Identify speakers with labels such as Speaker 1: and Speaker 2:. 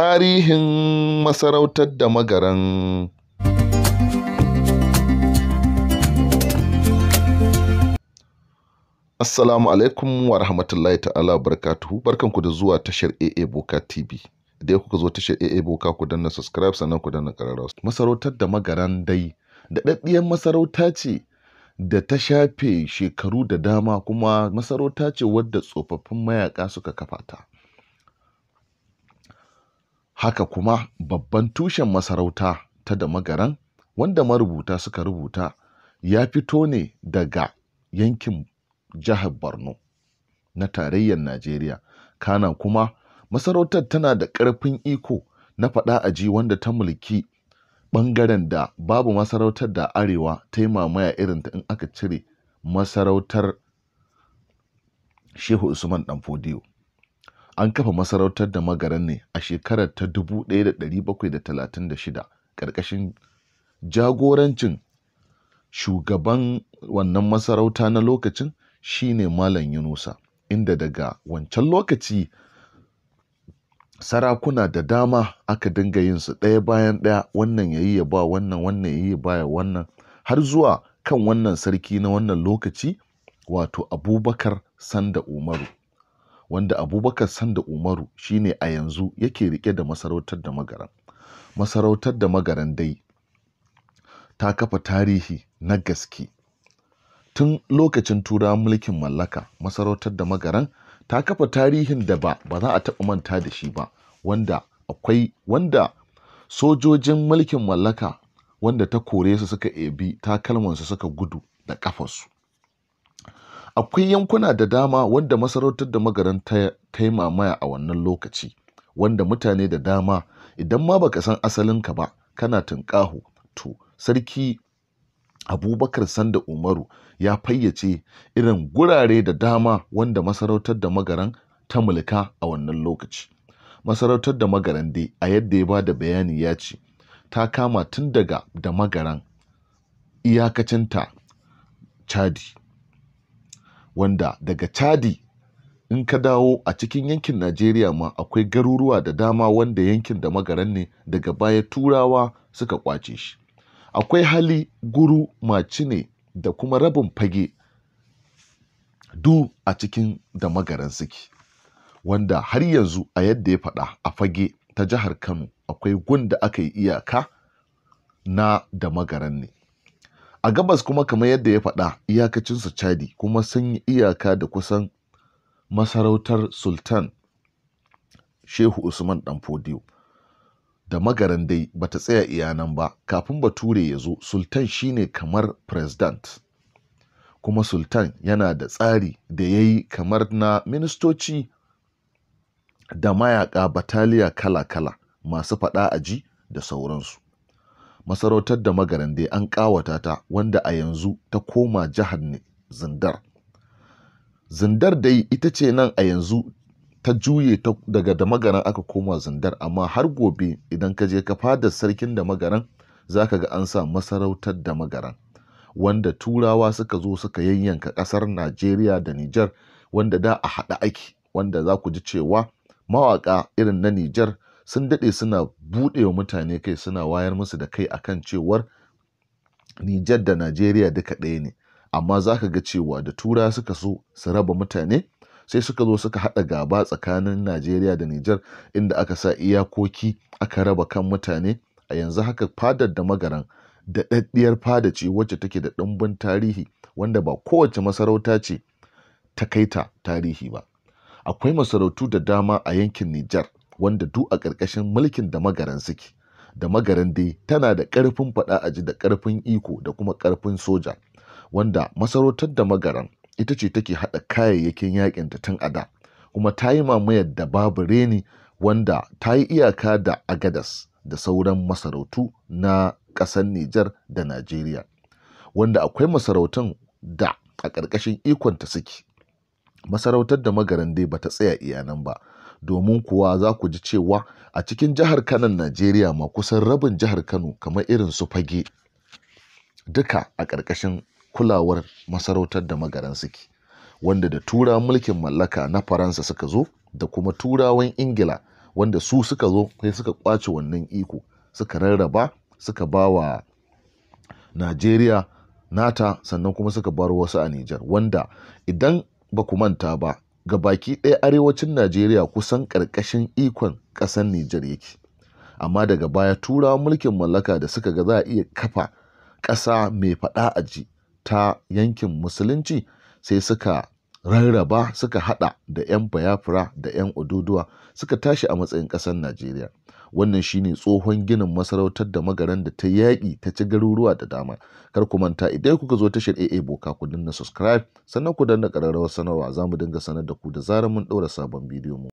Speaker 1: Tarihin masarautar da magaran Assalamu alaikum wa rahmatullahi ta'ala barkatuhu barkanku da zuwa tashar AA Boka TV. Da kuka zo tashar AA Boka ku danna subscribe sannan ku danna ƙararrawa. Masarautar da magaran dai daɗaɗɗiyar masarauta ce da ta shafe shekaru da dama kuma masarauta ce wadda tsofaffin mayaka suka kafa ta. haka kuma babban tushen masarauta ta da magaran wanda marubuta suka rubuta ya fito ne daga yankin jihar borno na tarayyar najeriya kana kuma masarautar tana da ƙarfin iko na faɗa ji wanda ta mulki bangaren da babu masarautar da arewa ta yi mamaya irinta in aka cire masarautar shehu usman ɗanfodiyo An kafa masarautar da magaran ne a shekarar ta 1736 ƙarƙashin jagorancin shugaban wannan masarauta na lokacin shine Malam Yunusa, inda daga wancan lokaci sarakuna da dama aka dinga yin su ɗaya bayan ɗaya wannan ya yi ya ba wannan wannan ya yi baya wannan har zuwa kan wannan sarki na wannan lokaci wato abubakar sanda umaru wanda abubakar sanda umaru shine a yanzu yake rike da masarautar da magaran masarautar da magaran dai ta kafa tarihi na gaske tun lokacin turawan mulkin mallaka masarautar da magaran ta kafa tarihin da ba ba za a taɓa manta da shi ba wanda akwai wanda sojojin mulkin mallaka wanda ta kore su suka ebi takalmansu suka gudu da ƙafarsu Akwai yankuna da dama wanda masarautar da magaran ta yi mamaya a wannan lokaci, wanda mutane da dama idan ma baka san asalinka ba kana tunƙahu. To, Sarki Abubakar Sanda Umaru ya fayyace irin gurare da dama wanda masarautar da magaran ta mulka a wannan lokaci. Masarautar da magaran dai a yadda ya ba da bayani ya ce, ta kama tun daga da magaran iyakacinta Chadi. wanda daga Chadi in ka dawo a cikin yankin Najeriya ma akwai garuruwa da dama wanda yankin da magaran ne daga baya Turawa suka kwace shi. Akwai Hali, Guru, Macine da kuma rabin fage du a cikin da magaran suke. Wanda har yanzu a yadda ya faɗa a fage ta jihar Kano akwai gun da aka yi iyaka na da magaran ne. a gabas kuma kamar yadda ya faɗa iyakacinsu chadi kuma sun yi iyaka da kusan masarautar sultan shehu usman danfodiyo da magaran dai ba ta tsaya iyanan ba kafin bature ya zo sultan shine kamar president kuma sultan yana da tsari da ya yi kamar na ministoci da mayaka bataliya kala-kala masu faɗa aji da sauransu Masarautar da magaran dai an kawata ta wanda a yanzu ta koma jihar Zindar. Zindar dai ita ce nan a yanzu ta juye daga da magaran aka koma Zindar amma har gobe idan ka je ka fada sarkin da magaran za ka ga an sa masarautar da magaran wanda turawa suka zo suka yayyanka kasar Najeriya da Nijar wanda da a haɗa ake wanda za ku ji cewa mawaƙa irin na Nijar sun daɗe suna buɗe wa mutane kai suna wayar musu da kai akan cewar Nijar da Najeriya duka ɗaya ne amma za ka ga cewa da tura suka so su raba mutane sai suka zo suka haɗa gaba tsakanin Najeriya da Nijar inda aka sa iyakoki aka raba kan mutane a yanzu haka fadar da magaran daɗaɗɗiyar fada ce wacce take da ɗumbin tarihi wanda ba kowace masarauta ce ta kai ta tarihi ba akwai masarautu da dama a yankin Nijar wanda duk a ƙarƙashin mulkin da magaran suke da magaran dai tana da ƙarfin faɗa a ji da ƙarfin iko da kuma ƙarfin soja wanda masarautar da magaran ita ce take haɗa kayayyakin yakin ta tun ada, kuma ta yi mamayar da babu reni wanda ta yi iyaka da agadas da sauran masarautu na ƙasar Nijar da Najeriya wanda akwai masarautun da a ƙarƙashin ikonta suke masarautar da magaran dai bata tsaya iyanan ba domin kuwa za ku ji cewa a cikin jihar kanon najeriya ma kusan rabin jihar kano kamar irin su fage duka a ƙarƙashin kulawar masarautar da magaran suke wanda da tura mulkin mallaka na faransa suka zo da kuma turawan ingila wanda su suka zo sai suka kwace wannan iko suka rarraba suka ba wa najeriya nata sannan kuma suka bar wasu a nijar wanda idan ba ku manta ba ga baki ɗaya arewacin najeriya kusan ƙarƙashin ikon ƙasar nijar yake amma daga baya turawa mulkin mallaka da suka ga za a iya kafa ƙasa mai faɗa a ji ta yankin musulunci sai suka rarraba suka haɗa da 'yan bayafura da 'yan oduduwa suka tashi a matsayin ƙasar najeriya wannan shine tsohon ginin masarautar da magaran da ta yaƙi ta ci garuruwa da dama kar ku manta idan kuka zo tashar AA Boka ku na subscribe sannan ku danna ƙararrawar sanarwa za mu dinga sanar da ku da zarar mun ɗaura sabon bidiyo mu